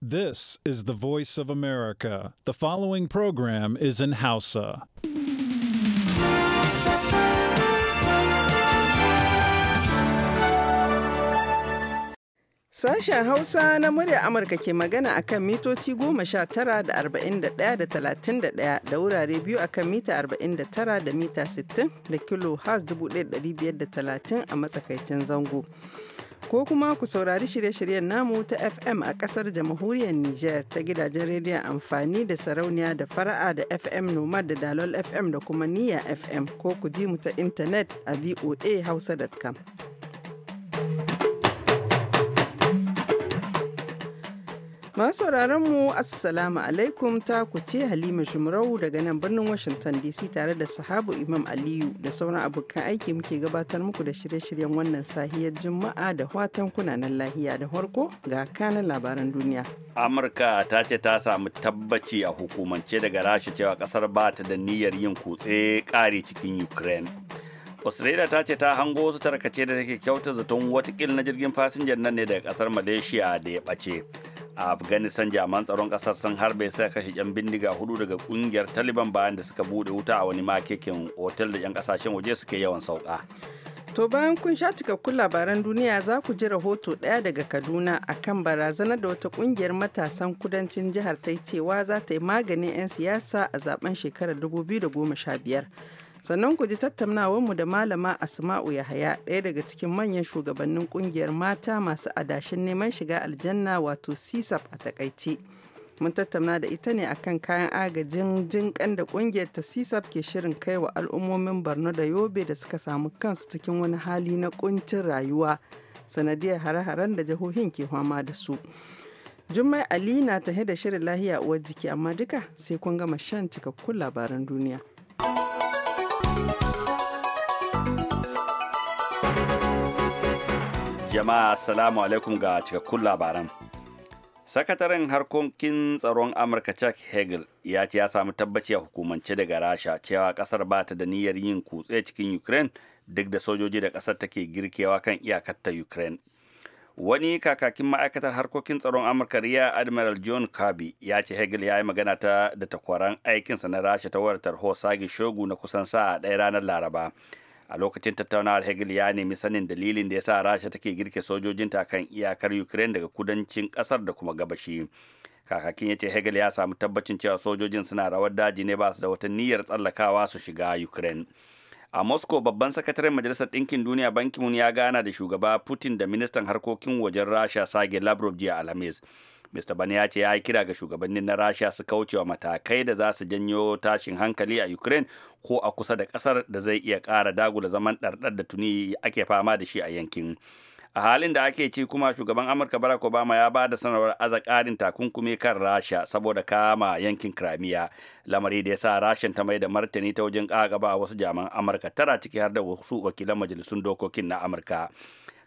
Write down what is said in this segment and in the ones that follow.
This is the voice of America. The following program is in Hausa. Sashen Hausa na murya Amurka ke magana akan mitoci goma sha tara da arba'in da ɗaya da talatin da ɗaya da wurare biyu akan mita arba'in da tara da mita sittin da kilo has dubu ɗaya da biyar da talatin a matsakaicin zango. ko kuma ku saurari shirye-shiryen namu ta FM a kasar jamhuriyar Nijar ta gidajen rediyon amfani da sarauniya da fara'a da FM Nomad da Dalol FM da kuma Niyya FM ko ku ji mu ta intanet a voahausa.com. Masu mu Assalamu alaikum ta ku ce Halima Jumrau daga nan birnin Washington DC tare da sahabu Imam Aliyu da sauran abokan aiki muke gabatar muku da shirye-shiryen wannan sahiyar Juma'a da watan kunanan lahiya da farko ga kanan labaran duniya. Amurka ta ce ta samu tabbaci a hukumance daga rashi cewa kasar ba ta da niyyar yin kutse kare cikin Ukraine. Australia ta ce ta hango wasu tarkace da take kyauta zaton watakil na jirgin fasinjan nan ne daga kasar Malaysia da ya ɓace. a afghanistan jami'an tsaron kasar sun harbe sai kashe yan bindiga hudu daga kungiyar taliban bayan da suka bude wuta a wani makekin otal da yan kasashen waje suke yawan sauka to bayan kun sha cikakkun labaran duniya za ku ji rahoto ɗaya daga kaduna a kan barazanar da wata kungiyar matasan kudancin jihar ta yi cewa za ta yi maganin 'yan siyasa a zaben shekarar 2015 sannan ku ji mu da malama asma'u yahaya ɗaya daga cikin manyan shugabannin kungiyar mata masu adashin neman shiga aljanna wato csap a takaice mun tattauna da ita ne akan kayan agajin jinkan da kungiyar ta csap ke shirin kai wa al'ummomin barno da yobe da suka samu kansu cikin wani hali na kuncin rayuwa sanadiyar hare-haren da jihohin ke fama da su jummai ali na tahe da shirin lahiya uwar jiki amma duka sai kun gama shan cikakkun labaran duniya jama'a assalamu alaikum ga cikakkun labaran sakataren harkokin tsaron amurka chuck hagel ya ce ya samu tabbaci a hukumance daga rasha cewa kasar ba ta da niyyar yin kutse cikin ukraine duk da sojoji da kasar take girkewa kan iyakar ta ukraine wani kakakin ma'aikatar harkokin tsaron amurka riya admiral john kirby ya ce hegel ya yi magana ta da takwaran aikinsa na rasha ta wartar hosagi sage shogu na kusan sa'a ɗaya ranar laraba a lokacin tattaunawar hegel ya nemi sanin dalilin da ya sa rasha take girke sojojinta kan iyakar ukraine daga kudancin kasar da kuma gabashi kakakin ya ce hegel ya samu tabbacin cewa sojojin suna rawar daji ne ba su da wata niyyar tsallakawa su shiga ukraine a moscow babban sakataren majalisar ɗinkin duniya bankin ya gana da shugaba putin da ministan harkokin wajen rasha sage lavrov jiya alhamis mr Bani ya ce ya yi kira ga shugabannin na rasha su kaucewa matakai da za su janyo tashin hankali a ukraine ko a kusa da kasar da zai iya ƙara dagula zaman ɗarɗar da tuni ake fama da shi a yankin a halin da ake ci kuma shugaban amurka barack obama ya ba da sanarwar aza ƙarin takunkumi kan rasha saboda kama yankin kramiya lamari da ya sa rashin ta mai da martani ta wajen ƙagaba wasu jaman amurka tara ciki har da wasu wakilan majalisun dokokin na amurka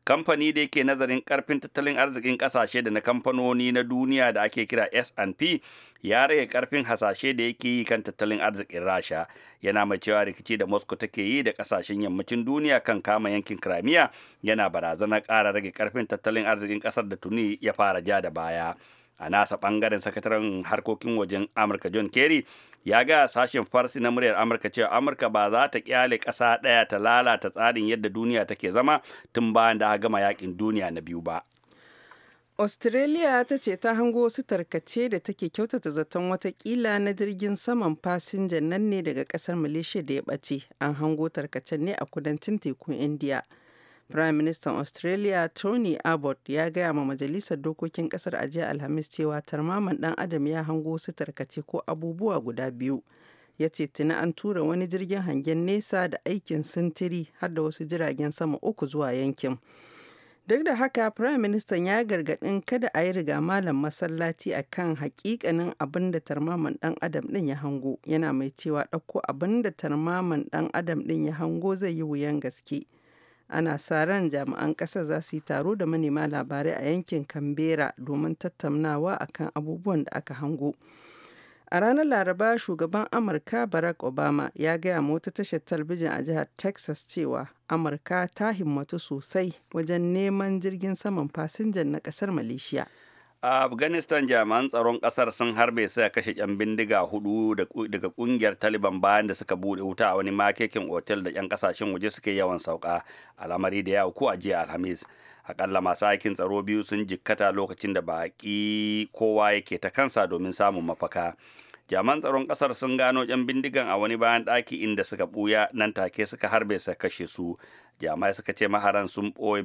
kamfani da yake nazarin karfin tattalin arzikin kasashe da na kamfanoni na duniya da ake kira S&P ya rage karfin hasashe da yake yi kan tattalin arzikin Rasha yana mai cewa rikici da Moscow take yi da kasashen yammacin duniya kan kama yankin Crimea yana barazana ƙara rage karfin tattalin arzikin ƙasar da tuni ya fara ja da baya. a nasa bangaren sakataren harkokin wajen amurka john kerry ya ga sashen farsi na muryar amurka cewa amurka ba za ta kyale kasa daya ta lalata tsarin yadda duniya take zama tun bayan da gama yakin duniya na biyu ba australia ta ce ta hango wasu tarkace da take kyautata zaton watakila na jirgin saman fasinjan nan ne daga kasar malaysia da ya bace an hango tarkacen ne a kudancin tekun india Prime Minister Australia Tony Abbott ya gaya ma Majalisar Dokokin Kasar a jiya Alhamis cewa tarmaman dan adam ya hango su tarkace ko abubuwa guda biyu. Ya ce tuni an tura wani jirgin hangen nesa da aikin sintiri har da wasu jiragen sama uku zuwa yankin. Duk da haka, Prime Minister ya gargaɗin kada a yi riga malam masallaci a kan hakikanin abin da tarmaman ɗan adam ɗin ya hango, yana mai cewa ɗauko abin da tarmaman ɗan adam ɗin ya hango zai yi wuyan gaske. ana sa ran jami'an ƙasa za su yi taro da manema labarai a yankin kambera domin tattaunawa a kan abubuwan da aka hango a ranar laraba shugaban amurka barack obama ya gaya ma wata tashar talbijin a jihar texas cewa amurka ta himmatu sosai wajen neman jirgin saman fasinjan na ƙasar malaysia a afghanistan jami'an tsaron kasar sun harbe sai kashe yan bindiga hudu daga kungiyar taliban bayan da suka bude wuta a wani makekin otel da yan kasashen waje suke yawan sauka al'amari da ya auku a jiya alhamis akalla masu aikin tsaro biyu sun jikkata lokacin da baki kowa yake ta kansa domin samun mafaka jami'an tsaron kasar sun gano yan bindigan a wani bayan daki inda suka buya nan take suka harbe sa kashe su jami'ai suka ce maharan sun ɓoye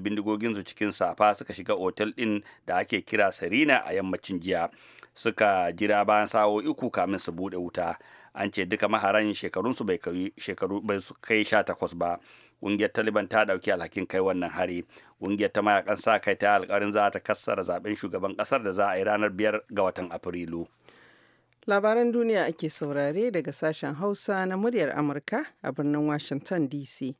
su cikin safa suka shiga otel ɗin da ake kira sarina a yammacin jiya suka jira bayan sawo uku kamin su buɗe wuta an ce duka maharan shekarunsu bai kai sha takwas ba ƙungiyar taliban ta ɗauki alhakin kai wannan hari ƙungiyar ta mayakan sa kai ta alƙarin za ta kassara zaben shugaban ƙasar da za a yi ranar biyar ga watan afrilu labaran duniya ake saurare daga sashen hausa na muryar amurka a birnin washington dc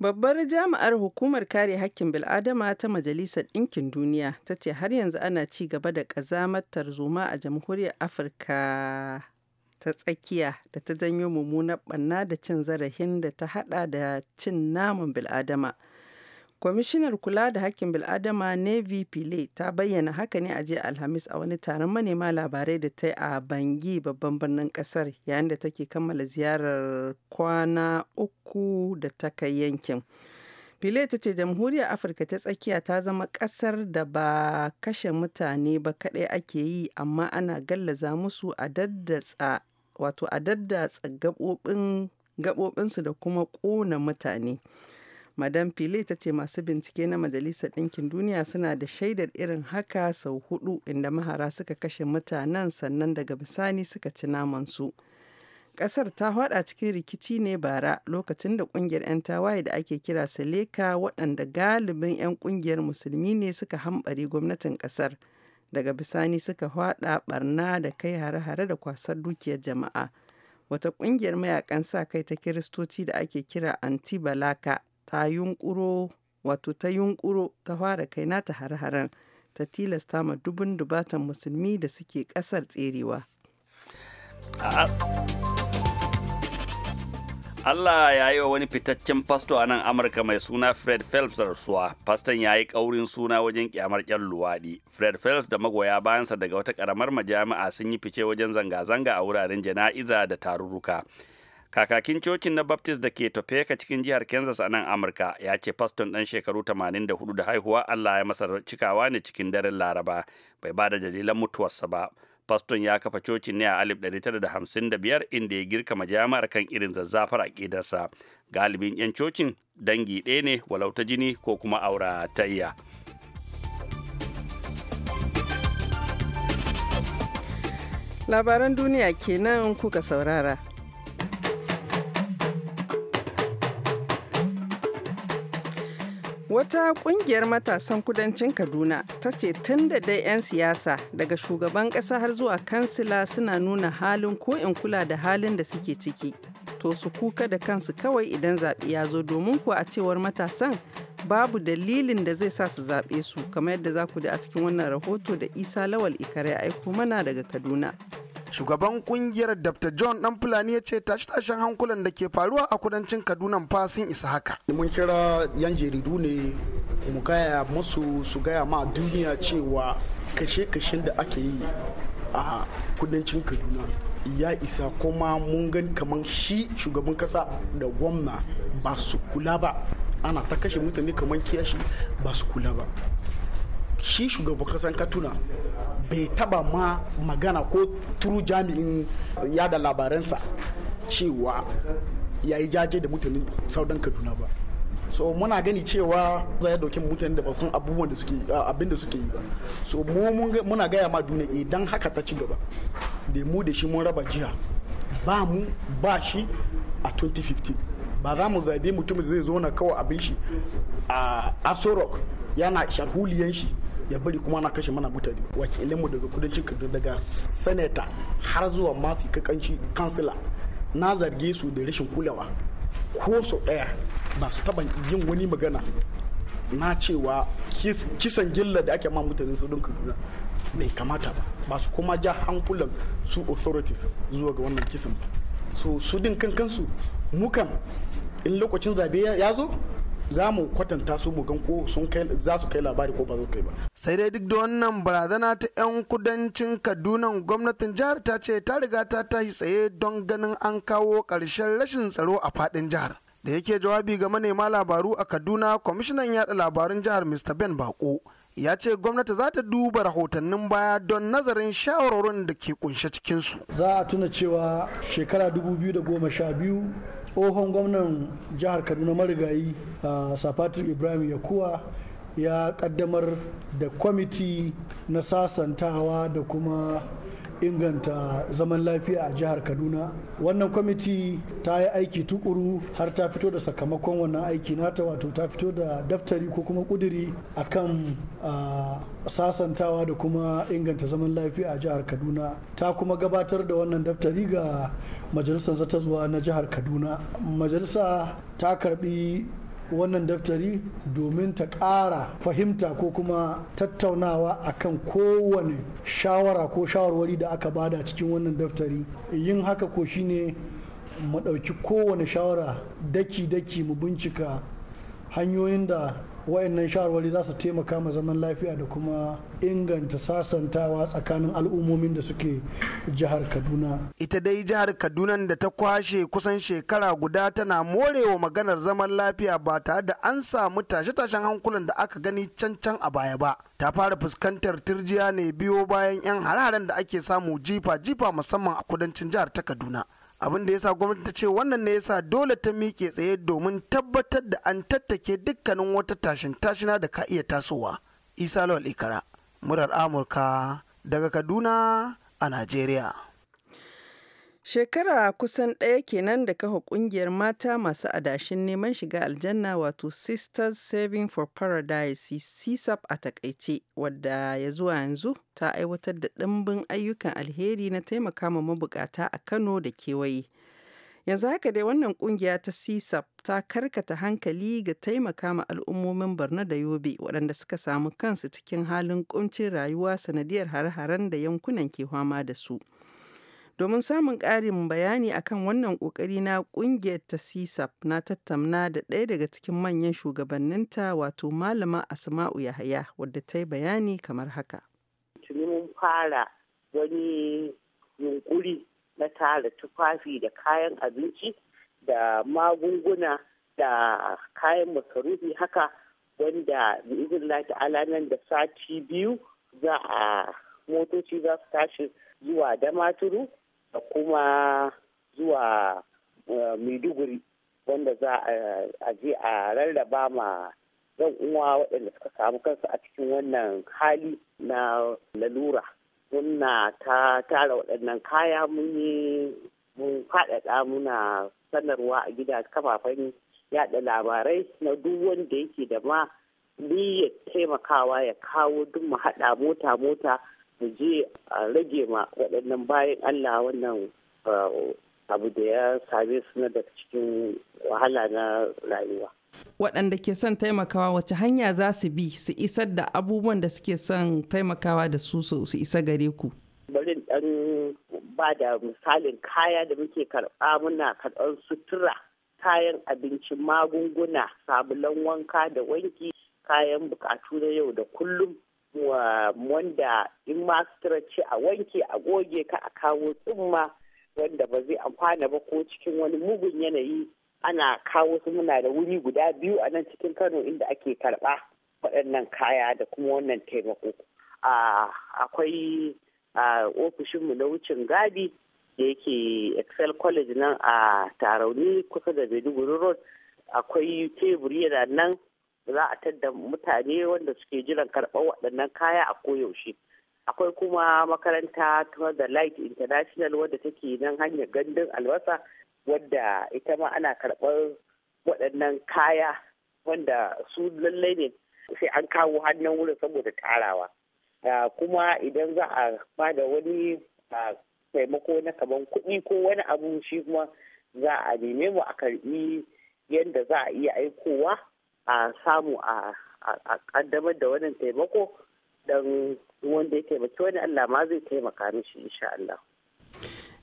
Babbar jami'ar Hukumar Kare haƙƙin Bil'adama ta Majalisar Ɗinkin Duniya ta ce har yanzu ana ci gaba da ƙazamar tarzoma a Jamhuriyar Afirka ta tsakiya da ta janyo mummunan ɓanna da cin zarafin da ta haɗa da cin naman bil'adama. Kwamishinar Kula da Hakkin Bil'adama navy Pillay ta bayyana haka ne a jiya Alhamis a wani taron manema labarai da ta yi a Bangi babban birnin kasar yayin da take kammala ziyarar kwana uku da ta kai yankin. Pile ta ce jamhuriyar Afirka ta tsakiya ta zama kasar da ba kashe mutane ba kaɗai ake yi amma ana gallaza musu a daddatsa wato a daddatsa da kuma ƙona mutane. madam pile ta ce masu bincike na majalisar ɗinkin duniya suna da shaidar irin haka sau hudu inda mahara suka kashe mutanen sannan daga bisani suka ci namansu ƙasar ta hada cikin rikici ne bara lokacin da ƙungiyar 'yan tawaye da ake kira seleka waɗanda galibin 'yan ƙungiyar musulmi ne suka hambari gwamnatin ƙasar daga bisani suka haɗa barna da kai hare-hare da kwasar dukiyar jama'a wata ƙungiyar mayakan sa kai ta kiristoci da ake kira anti balaka ta yunƙuro wato ta yunƙuro ta fara kai nata har-haren ta tilasta ma dubin dubatan musulmi da suke ƙasar tserewa. Allah ya yi wa wani fitaccen fasto a nan Amurka mai suna Fred Phelps rasuwa. Faston ya yi ƙaurin suna wajen kyamar ƙyan luwaɗi. Fred Phelps da magoya bayansa daga wata ƙaramar majami'a sun yi fice wajen zanga-zanga a wuraren jana'iza da tarurruka. kakakin cocin na baptist da ke topeka cikin jihar kansas a nan amurka ya ce faston ɗan shekaru 84 da haihuwa allah ya masa cikawa ne cikin daren laraba bai ba da dalilan mutuwarsa ba faston ya kafa cocin ne a 1955 inda ya girka majami'ar kan irin zazzafar aƙidarsa galibin 'yan cocin dangi ɗaya ne walau ta jini ko kuma aura iya labaran duniya kenan kuka saurara Wata kungiyar matasan kudancin Kaduna ta ce tun da dai 'yan siyasa daga shugaban ƙasa har zuwa kansila suna nuna halin ko'in kula da halin da suke ciki. To su kuka da kansu kawai idan zaɓe ya zo domin kuwa a cewar matasan babu dalilin da zai sa su zaɓe su kamar yadda za ku da a cikin wannan rahoto da Isa Lawal Ikare aiko mana daga Kaduna. shugaban kungiyar dr john dan fulani ya ce tashi tashin hankulan da ke faruwa a kudancin kaduna fa sun isa haka mun kira yan jaridu ne mu gaya musu su gaya ma duniya cewa kashe-kashen da ake yi a kudancin kaduna ya isa kuma mun gani kamar shi shugaban kasa da gwamna ba su kula ba ana ta kashe mutane kamar kiyashi ba su kula ba shi shugaban kasan katuna bai taba ma magana ko turu jami'in yada labaransa cewa ya yi jaje da mutanen saudan kaduna ba so muna gani cewa za ya dauki mutane da basun abubuwan da suke abin da suke yi ba so mu muna gaya ma duniya idan haka ta ci gaba da mu da shi mun raba jiha ba mu ba shi a 2015 ba za mu zabe mutum zai zo na kawo abin shi a aso rock yana sharhuliyan shi ya bari kuma na kashe mana mutane mu daga kudancin kaduna daga sanata har zuwa mafi kakanci kansila na zarge su da rashin kulawa ko su ɗaya ba su taɓa yin wani magana na cewa kisan gilla da ake ma mutanen sadun kaduna bai kamata ba ba su kuma ja hankulan su authorities zuwa ga wannan kisan ba su din kankansu mukan in lokacin zabe ya zo za mu kwatanta su mu gan ko sun kai za su kai labari ko ba kai ba sai dai duk da wannan barazana ta yan kudancin Kaduna gwamnatin jihar ta ce ta riga ta tashi tsaye don ganin an kawo ƙarshen rashin tsaro a faɗin jihar da yake jawabi ga manema labaru a Kaduna kwamishinan yada labarun jihar Mr Ben Bako ya ce gwamnati za ta duba rahotannin baya don nazarin shawarorin da ke kunshe cikinsu. Za a tuna cewa shekara 2012 tsohon gwamnan jihar kaduna marigayi a safatir ibrahim yakuwa ya kaddamar da kwamiti na sasantawa da kuma inganta zaman lafiya a jihar kaduna wannan kwamiti ta yi aiki tukuru har ta fito da sakamakon wannan aiki nata wato ta fito da daftari ko kuma kuduri akan sasantawa da kuma inganta zaman lafiya a jihar kaduna ta kuma gabatar da wannan daftari ga majalisar zata zuwa na jihar kaduna majalisa ta karbi wannan daftari domin ta ƙara fahimta ko kuma tattaunawa akan kowane shawara ko shawarwari da aka bada cikin wannan daftari yin haka ko shine mu ɗauki kowane shawara daki-daki mu bincika hanyoyin da wayannan shawarwari za su taimaka ma zaman lafiya da kuma inganta sasantawa tsakanin al'ummomin da suke jihar kaduna ita dai jihar kaduna da ta kwashe kusan shekara guda tana morewa maganar zaman lafiya ba tare da an samu tashe-tashen hankulan da aka gani can a baya ba ta fara fuskantar turjiya ne biyo bayan 'yan hararen da ake samu jifa-jifa musamman a kudancin jihar ta kaduna abin da yasa gwamnati ta ce wannan ne yasa dole ta miƙe tsaye domin tabbatar da an tattake dukkanin wata tashin tashina da ka iya tasowa isa lawal ikara murar amurka daga kaduna a najeriya Shekara kusan ɗaya kenan da kafa ƙungiyar mata masu adashin neman shiga aljanna wato Sisters Saving for Paradise CSAP a takaice, wadda ya zuwa yanzu ta aiwatar da ɗimbin ayyukan alheri na taimakawa mabukata a Kano da kewaye. Yanzu haka dai wannan ƙungiya ta CSAP ta karkata hankali ga taimaka ma al'ummomin Barna da Yobe waɗanda suka samu kansu cikin halin ƙuncin rayuwa sanadiyar hare-haren da yankunan ke fama da su. Domin samun ƙarin bayani akan wannan ƙoƙari na ƙungiyar ta CSAP na tattauna da ɗaya daga cikin manyan shugabanninta wato Malama Asma'u Yahaya wadda ta yi bayani kamar haka. Tuni mun fara wani yunƙuri na tara tufafi da kayan abinci da magunguna da kayan masarufi haka wanda izin lati nan da sati biyu za a motoci za su tashi zuwa damaturu da kuma zuwa eh, maiduguri wanda za a je a rarraba ma zan uwa waɗanda suka samu kansu a cikin wannan hali na lalura muna ta tara waɗannan kaya mun yi mun faɗaɗa muna sanarwa a gida kafafen yaɗa labarai na duk wanda yake da ma niyyar taimakawa ya kawo duk mu haɗa mota-mota mu je a rage ma waɗannan bayan Allah wannan uh, abu da ya same su na daga cikin wahala na rayuwa. Waɗanda ke son taimakawa wace hanya za su bi su isar da abubuwan da suke son taimakawa da su su isa gare ku? barin ɗan ba da misalin kaya da muke karɓa muna karɓar sutura, kayan abinci, magunguna, sabulan wanka da wanki, kayan bukatu na yau da kullum wanda in ma sutura ce a wanke a goge ka a kawo tsumma wanda ba zai amfana ba ko cikin wani mugun yanayi ana kawo su muna da wuri guda biyu a nan cikin kano inda ake karɓa waɗannan kaya da kuma wannan taimako akwai ofishinmu na wucin gadi da yake excel college nan a tarauni kusa da maiduguri road akwai teburi yana nan za a tadda mutane wanda suke jiran karɓar waɗannan kaya a koyaushe akwai kuma makaranta da light international wadda take nan hanyar gandun albasa wadda ita ma ana karɓar waɗannan kaya wanda su lallai ne sai an kawo hannun wurin saboda tarawa ah, kuma idan za a ba da wani ah, taimako na kaman kuɗi ko wani abu shi kuma za a neme mu a karɓi yadda za a iya aikowa a samu a kaddamar da wannan taimako don wanda ya taimaki wani Allah ma zai taimaka mishi insha Allah.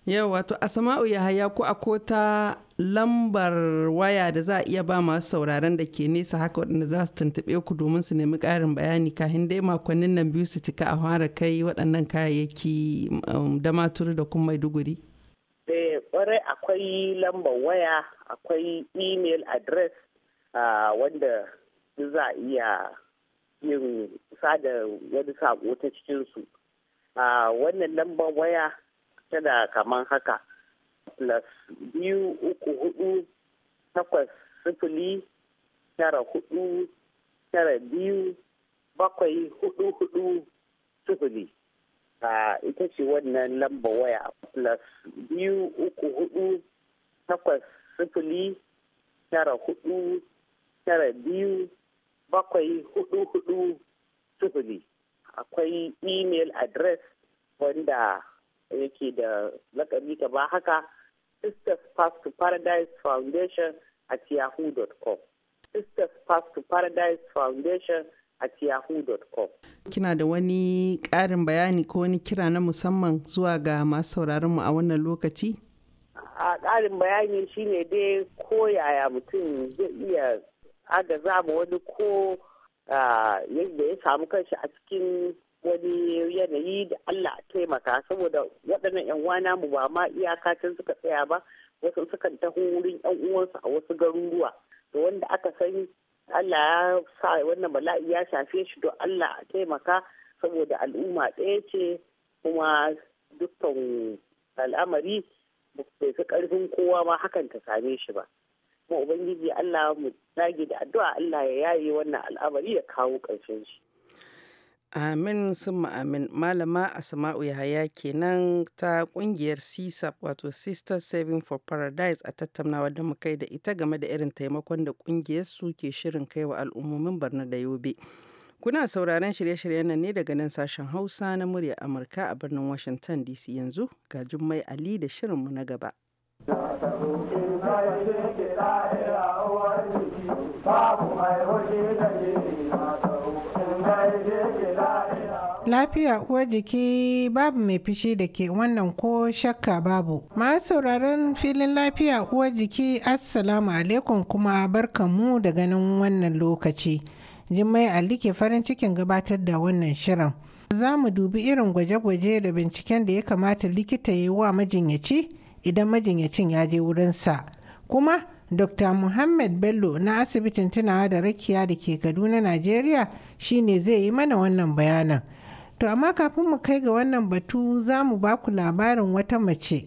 Yau wato Asama'u haya ko a ta lambar waya da za a iya ba masu sauraron da ke nesa haka waɗanda za su tuntuɓe ku domin su nemi ƙarin bayani kahin dai makonnin nan biyu su cika a fara kai waɗannan kayayyaki um, da maturu da kuma Maiduguri. Eh, kwarai akwai lambar waya, akwai email address wanda su za a iya yin sa da wani sako ta cikinsu wannan lambar waya tana kamar haka plus biyu uku hudu takwas sifili tara hudu tara biyu bakwai hudu hudu sifili ita ce wannan lamba waya plus biyu uku hudu takwas sifili tara hudu tara biyu bakwai hudu hudu sifili akwai email address wanda yake da lakabi ka ba haka sisters pass to paradise foundation at yahoo.com sisters pass to paradise foundation at yahoo.com kina da wani ƙarin bayani ko wani kira na musamman zuwa ga masu sauraronmu a wannan lokaci a ƙarin bayani shine dai ko yaya mutum zai iya za mu wani ko yadda ya samu kanshi a cikin wani yanayi da Allah taimaka saboda waɗannan 'yan wana mu ba ma iyaka can suka tsaya ba wasu sukan taho wurin 'yan uwansu a wasu garuruwa da wanda aka sani Allah ya sa wannan bala'i ya shafe shi don Allah taimaka saboda al'umma ɗaya ce kuma dukkan al'amari bai fi ƙarfin kowa ma hakan ta same shi ba. kuma ubangiji Allah mu dage da addu'a Allah ya yaye wannan al'amari ya kawo ƙarshen shi Amin summa amin malama Asma'u Yahaya kenan ta kungiyar CSAP wato Sister Saving for Paradise a tattaunawa da mu kai da ita game da irin taimakon da kungiyar su ke shirin kai wa al'ummomin Barna da Yobe. Kuna sauraron shirye-shiryen nan ne daga nan sashen Hausa na murya Amurka a birnin Washington DC yanzu ga Jummai Ali da shirinmu na gaba. Lafiya uwar jiki babu mai fishi da ke wannan ko shakka babu. Ma sauraron filin lafiya uwar jiki Assalamu alaikum kuma mu da ganin wannan lokaci. Jummai Ali ke farin cikin gabatar da wannan shirin. Za mu dubi irin gwaje-gwaje da binciken da ya kamata likita yi wa majinyaci. idan majinyacin ya je wurinsa kuma dr muhammad bello na asibitin tunawa da rakiya da ke kaduna najeriya shine zai yi mana wannan bayanan to amma kafin mu kai ga wannan batu za mu ba ku labarin wata mace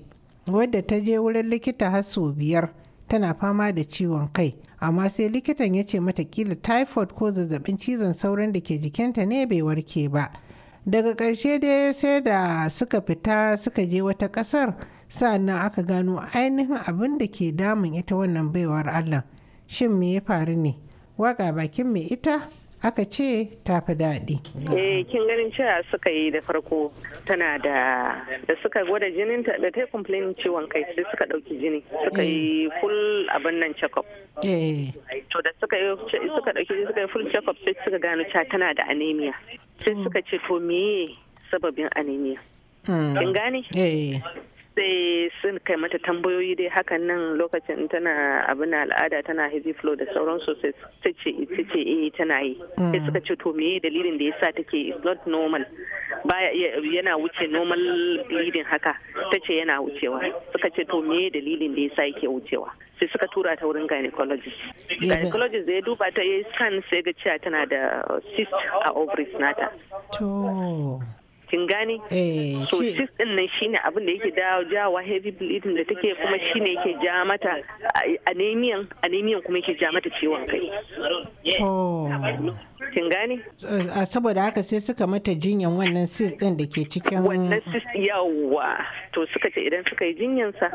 wadda ta je wurin likita har sau biyar tana fama da ciwon kai amma sai likitan ya ce mata kila typhoid ko zazzabin cizon sauran da ke jikinta ne bai warke ba daga ƙarshe dai sai da suka fita suka je wata ƙasar sa'annan aka gano ainihin abin da ke damun ita wannan baiwar allah shin me ya faru ne waka bakin mai ita aka ce ta fi daɗi. Eh kin ganin cewa suka yi da farko tana da da suka gwada jinin ta da ta yi complain ciwon kai sai suka ɗauki jini suka yi eh. full abin nan check up. Eh. To da suka yi suka ɗauki suka yi full check up sai suka gano cewa tana da anemia. Sai suka ce to meye sababin anemia. Hmm. Kin gane? Eh. sai sun kai mata tambayoyi dai hakan nan lokacin tana abin al'ada tana heavy flow da sauran sosai ta ce ita ce eh tana yi mm. sai suka ce to meye dalilin da yasa take is not normal baya yana wuce normal bleeding haka ta ce yana wucewa suka ce to meye dalilin da yasa yake wucewa sai suka tura ta wurin gynecologist gynecologist da ya duba ta yi scan sai ga cewa tana da cyst a ovaries nata kin gane eh, so cis din nan shine abin da yake jawa heavy bleeding da take kuma shine yake ja mata anemia anemia kuma yake ja mata ciwon kai oh. kin gane eh, saboda haka sai suka mata jinyan wannan sis din da ke cikin wannan sis yawa to suka ce idan suka yi jinyan sa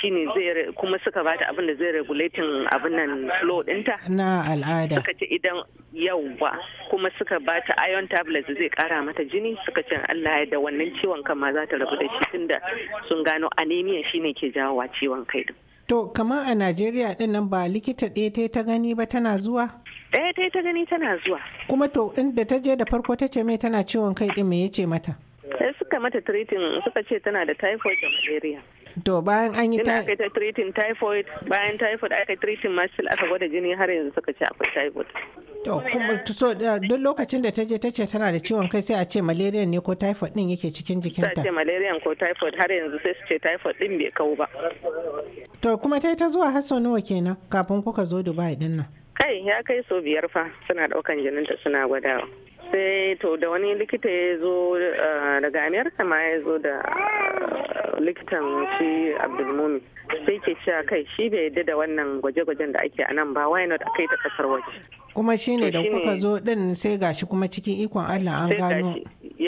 shine zai kuma suka bata abin da zai regulating abin nan flow dinta na al'ada suka ce idan yawa kuma suka bata iron tablets zai kara mata jini suka ce Allah ya da wannan ciwon kan ma za ta rabu da shi tunda sun gano anemia shine ke jawowa ciwon kai To, kamar a Najeriya din nan ba likita ɗaya ta gani ba tana zuwa? ɗaya ta ta gani tana zuwa kuma to inda ta je da farko ta ce mai tana ciwon kai ɗin me yace mata sai suka mata treating suka ce tana da typhoid da malaria to bayan an yi ta ta treating typhoid bayan typhoid aka treating ma aka gwada jini har yanzu suka ce akwai typhoid to kuma so duk lokacin da ta je ta ce tana da ciwon kai sai a ce malaria ne ko typhoid ɗin yake cikin jikinta sai a ce malaria ko typhoid har yanzu sai su ce typhoid ɗin bai kawo ba to kuma ta yi ta zuwa har sau nawa kenan kafin kuka zo Dubai ɗin nan kai ya kai so biyar fa suna daukan jinin ta suna gwadawa sai to da wani likita ya zo eh, daga amerika ma ya zo da eh, likitan shi abdulmumi sai ke cewa kai shi bai yadda da wannan gwaje-gwajen da ake a nan ba why not a kai ta kasar waje kuma shi ne da kuka zo din sai gashi kuma cikin ikon allah an gano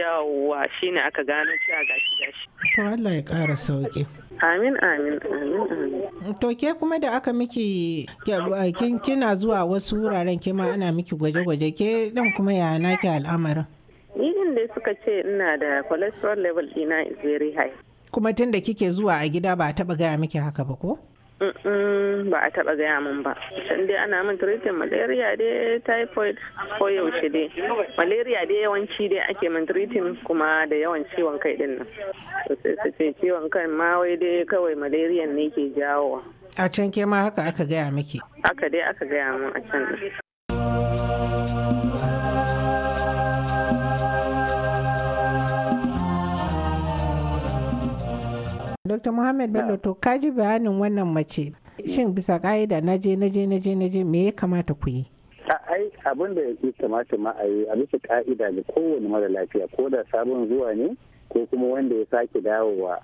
yawwa ne aka gano cewa gashi gashi to allah ya kara sauki Amin amin amin To ke kuma da aka miki kin kina zuwa wasu wuraren kima ana miki gwaje-gwaje ke dan kuma ya naki al'amarin. Ni din dai suka ce ina da cholesterol level ina is very high. Kuma tun da kike zuwa a gida ba taba gaya miki haka ba ko? ba a taba gaya min ba can dai ana min tiritin, malaria dai typhoid ko yaushe dai malaria dai yawanci dai ake min tritin kuma da yawan ciwon kai din nan sai su ce ciwon kan ma wai dai kawai malaria ne ke jawo a can ke ma haka aka gaya miki haka dai aka gaya min a can Dr. Muhammad Bello to kaji bayanin wannan mace. Shin bisa ka'ida na je na je na je na je me ya kamata ku yi? ai abin da ya kamata ma a yi a bisa ka'ida ga kowane mara lafiya ko da sabon zuwa ne ko kuma wanda ya sake dawowa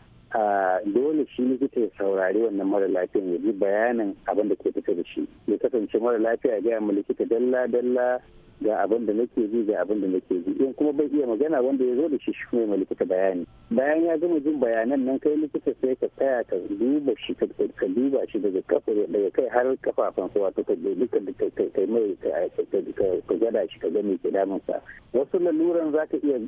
dole shi likita ya saurari wannan mara lafiyan ya ji bayanin abin da ke fita da shi ya kasance mara lafiya ya gaya ma likita dalla dalla ga abin da nake ji ga abin da nake ji in kuma bai iya magana wanda ya zo da shi shi kuma mai likita bayani bayan ya gama jin bayanan nan kai likita sai ka tsaya ka duba shi ka duba shi daga kafa daga kai har kafafan su wato ka duka kai mai ka gada shi ka gani ke damun sa wasu laluran zaka iya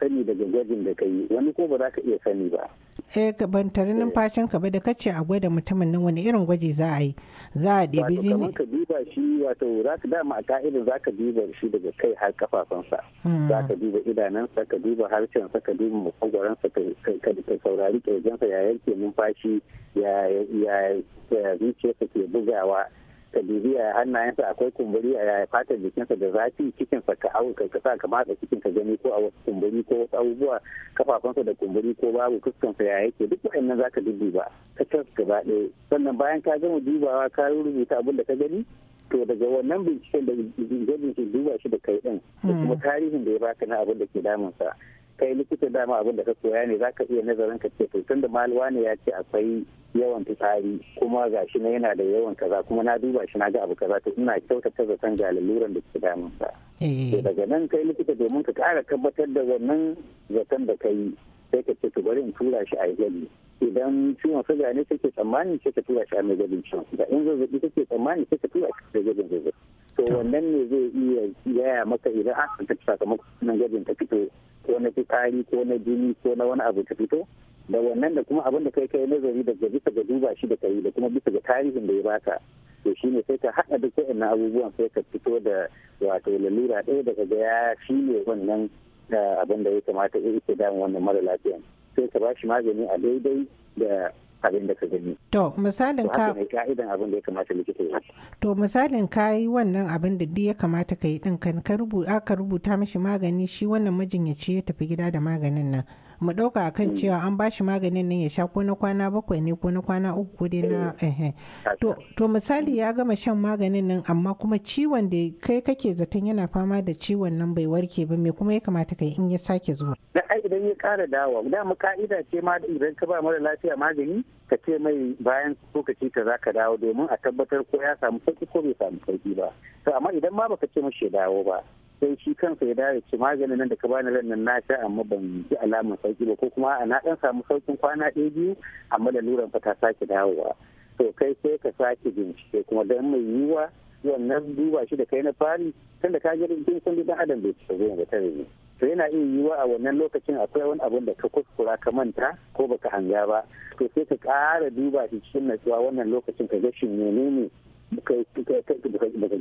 sani daga gwajin da ka yi wani ko ba za ka iya sani ba eh ban tare numfashin ka ba da kace a gwada mutumin nan wani irin gwaji za a yi za a ɗebi jini wato ka duba shi wato za ka dama a ka'idar za ka duba shi daga kai har kafafunsa hmm. za ka duba idanunsa ka duba harshensa ka duba sa ka saurari kirjinsa ya yanke numfashi ya zuciyarsa ke bugawa ka dubi a hannayensa akwai kumburi a yaya fatar jikinsa da zafi cikinsa ka hau ka sa ka matsa cikin ka gani ko a wasu kumburi ko wasu abubuwa kafafunsa da kumburi ko babu fuskansa ya yake duk wa'annan za ka dudduba ka cas gaba ɗaya sannan bayan ka gama dubawa ka rubuta abin da ka gani to daga wannan binciken da gwajin shi duba shi da kai ɗin da hmm. kuma tarihin da ya baka na abin da ke damunsa kai likita dama abin da ka koya ne za ka iya nazarin ka ce to tunda maluwa ne ya ce akwai yawan fitsari kuma ga shi na yana da yawan kaza kuma na duba shi na ga abu kaza to ina kyautata zaton ga laluran da ke damun sa eh. daga nan kai likita domin ka kara tabbatar da wannan zaton da kai sai ka ce to bari in tura shi a gani idan ciwon suga ne take tsammani sai ka tura shi a mai gajin ciwon da in zazzabi take tsammani sai ka tura shi a gajin zazzabi to wannan ne zai iya yaya maka idan an ta sakamakon gajin ta fito ko na fitsari ko na jini ko na wani abu ta fito da wannan da kuma abin da kai kai nazari daga bisa ga duba shi da kai da kuma bisa ga tarihin da ya baka to shi ne sai ka haɗa duk wa'annan abubuwan sai ka fito da wato lalura ɗaya daga ga ya shi ne wannan eh, abin da ya kamata ya yi damun wannan mara lafiyan sai ka ba magani a daidai da abin da ka gani. To misalin ka to ka'idan abin da ya kamata likita ya To misalin ka yi wannan abin da duk ya kamata ka yi din kan ka rubuta mishi magani shi wannan majinyaci ya tafi gida da maganin nan. mu ɗauka kan mm. cewa an ba shi maganin nan ya sha ko na kwana bakwai ne ko na kwana uku ko dai na mm. to misali mm. ya gama shan maganin nan amma kuma ciwon da kai kake zaton yana fama da ciwon nan bai warke ba me kuma ya kamata kai in ya sake zuwa da ai idan ya ƙara dawa da mu ka'ida ce ma idan ka ba mara lafiya magani ka ce mai bayan lokaci ka za ka dawo domin a tabbatar ko ya samu sauki ko bai samu sauki ba to amma idan ma baka ce mashi dawo ba sai shi kansa ya dawo ce maganin nan da ka bani ran nan na sha amma ban ji alamun sauki ba ko kuma na dan samu saukin kwana ɗaya biyu amma laluran fa ta sake dawowa to kai sai ka sake bincike kuma dan mai yiwa wannan duba shi da kai na fari tunda ka ga kin san da adam bai ci ba ta ne to yana iya yiwuwa a wannan lokacin akwai wani abin da ka kuskura ka manta ko baka hanga ba to sai ka ƙara duba shi cikin natsuwa wannan lokacin ka ga shin menene baka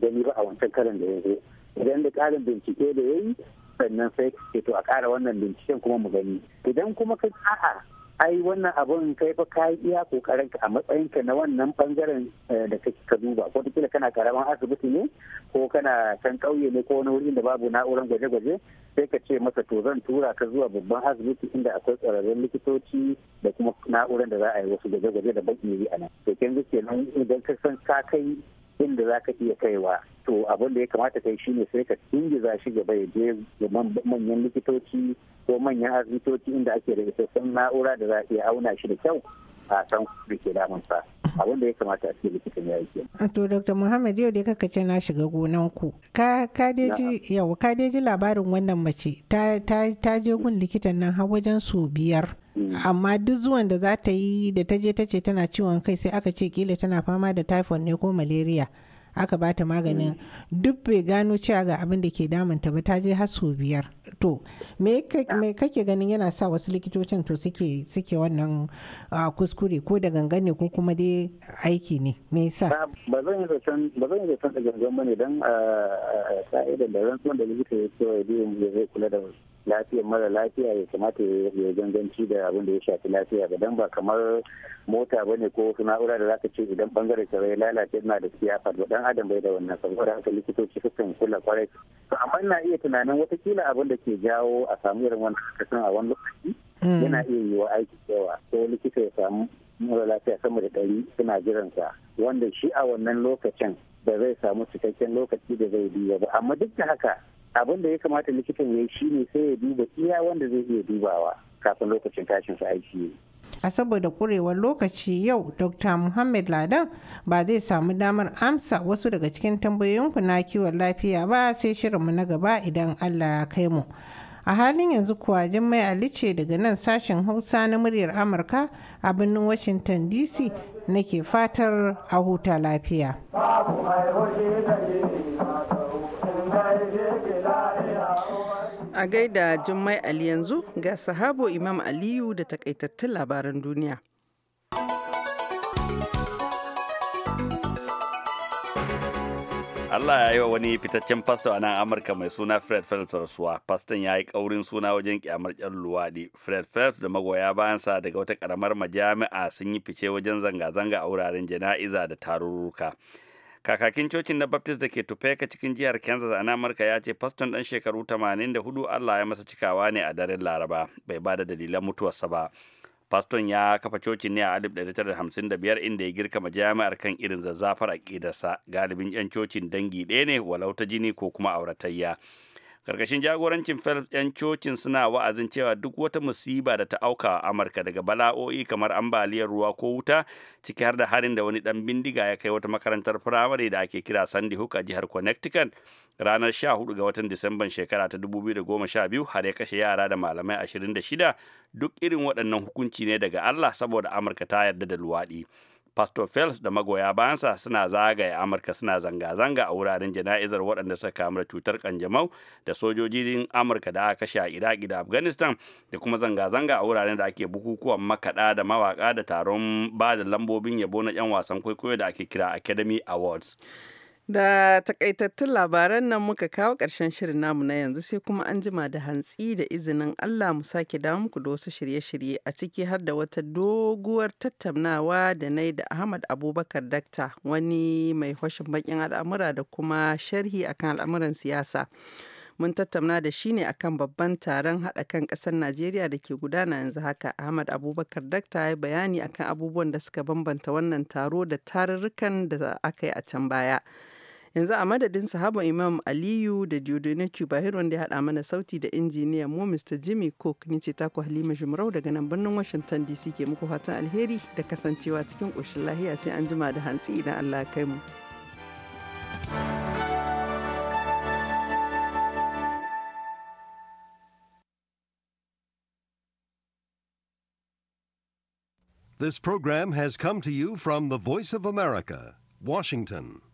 gani ba a wancan karan da ya zo idan da ƙarin bincike da ya yi sannan sai ke to a kara wannan binciken kuma mu gani idan kuma ka a'a ai wannan abun kai fa ka iya kokarin ka a ka na wannan bangaren eh, da kake ka duba ko kila kana karaman asibiti ne ko kana kan kauye ne ko wani wurin da babu na'urar gwaje-gwaje sai ka ce masa to zan tura ka zuwa babban asibiti inda akwai tsararren likitoci da kuma na'urar da za a yi wasu gwaje-gwaje da baki yi a nan to kin kenan idan ka san ka kai inda za ka iya kaiwa to abin da ya kamata kai shine sai ka ingiza shi gaba ya je manyan likitoci ko manyan asibitoci inda ake da isassun na'ura da za a iya auna shi da kyau san da ke damunsa abin da ya kamata a cikin likitan ya yi to dr muhammad yau dai kaka ce na shiga gonan ku ka yau ka deji labarin wannan mace ta je gun likitan nan har wajen su biyar mm. amma duk zuwan da za ta yi da ta je ta ce tana ciwon kai sai aka ce kila tana fama da typhoid ne ko malaria aka bata maganin mm. duk bai gano cewa ga abin da ke damunta ba ta je har sau biyar to me kake ganin yana sa wasu likitocin to suke suke wannan ah, kuskure ko da gangane ko kuma dai aiki ne me yasa ba zan yi zaton ba zan yi zaton da gangan bane dan sa'idan ah, ah, da rantsuwan da likita ya ce wa ya zai kula da lafiyar mara lafiya ya kamata ya ganganci da abin da ya shafi lafiya ba dan ba kamar mota bane ko wasu na'ura da zaka ce idan bangare ta ya lalace na da siyafa ba dan adam bai da wannan saboda haka likitoci sukan kula kwarai to amma ina iya tunanin watakila abin da ke jawo a samu irin wannan kasan a wani lokaci hmm. yana iya yiwa aiki yawa ko likita ya samu mara lafiya sama da ɗari suna jiran jiransa wanda shi a wannan lokacin da zai samu cikakken lokaci da zai biya ba amma duk da haka abin da ya kamata likitan ya yi ne sai ya duba iya wanda zai iya dubawa kafin lokacin tashin su aiki a saboda kurewar lokaci yau dr muhammad ladan ba zai samu damar amsa wasu daga cikin tambayoyinku na kiwon lafiya ba sai shirinmu na gaba idan allah ya kai mu a halin yanzu kuwa Jummai ali ce daga nan sashen hausa na muryar amurka a birnin washington dc nake fatar a huta lafiya A gaida Jummai Ali yanzu ga sahabo Imam Aliyu da takaitattun labaran duniya. Allah ya yi wa wani fitaccen fasto a nan Amurka mai suna Fred Phelps rasuwa. Faston ya yi ƙaurin suna wajen kyamar ƙyar luwaɗi. Fred Phelps da magoya bayansa daga wata ƙaramar majami'a sun yi fice wajen zanga-zanga a wuraren jana'iza da tarurruka. kakakin cocin na baptist da ke topeka cikin jihar kansas a amurka ya ce faston dan shekaru 84 allah ya masa cikawa ne a daren laraba bai ba da dalilan mutuwarsa ba faston ya kafa cocin ne a 1955 inda ya girka jami'ar kan irin zazzafar a kidarsa galibin 'yan cocin dangi ɗaya ne walau ta jini ko kuma auratayya karkashin jagorancin phelps 'yan cocin suna wa'azin cewa duk wata musiba da ta auka a amurka daga bala'o'i kamar ambaliyar ruwa ko wuta ciki har da harin da wani dan bindiga ya kai wata makarantar firamare da ake kira sandy hook a jihar connecticut ranar 14 ga watan disamban shekara ta 2012 har ya kashe yara da malamai 26 duk irin waɗannan hukunci ne daga allah saboda amurka ta yarda da luwaɗi pastor fels da magoya bayansa suna zagaya amurka suna zanga-zanga a wuraren jana'izar waɗanda suka kamu da cutar kanjamau da sojojin amurka da aka kashe a iraki da afghanistan da kuma zanga-zanga a wuraren da ake bukukuwan makaɗa da mawaƙa da taron ba da lambobin yabo na 'yan wasan kwaikwayo da ake kira academy awards Da takaitattun labaran nan muka kawo ƙarshen shirin namu na yanzu sai kuma an jima da hantsi da izinin Allah mu sake dawo muku da wasu shirye-shirye a ciki har da wata doguwar tattaunawa da na da Ahmad Abubakar Dakta wani mai hoshin bakin al'amura da kuma sharhi akan al'amuran siyasa. Mun tattauna da shi ne akan babban taron haɗa kan ƙasar Najeriya da ke gudana yanzu haka. Ahmad Abubakar Dakta ya bayani akan abubuwan da suka bambanta wannan taro da tarurrukan da aka yi a can baya. yanzu a madadin imam aliyu da wanda ya haɗa mana sauti da injiniya mu mr jimmy cook ni ce taku halima jumrau daga nan birnin washington dc ke muku fatan alheri da kasancewa cikin ƙoshin lahiya sai an jima da hantsi idan allah kai mu This program has come to you from the Voice of America, Washington.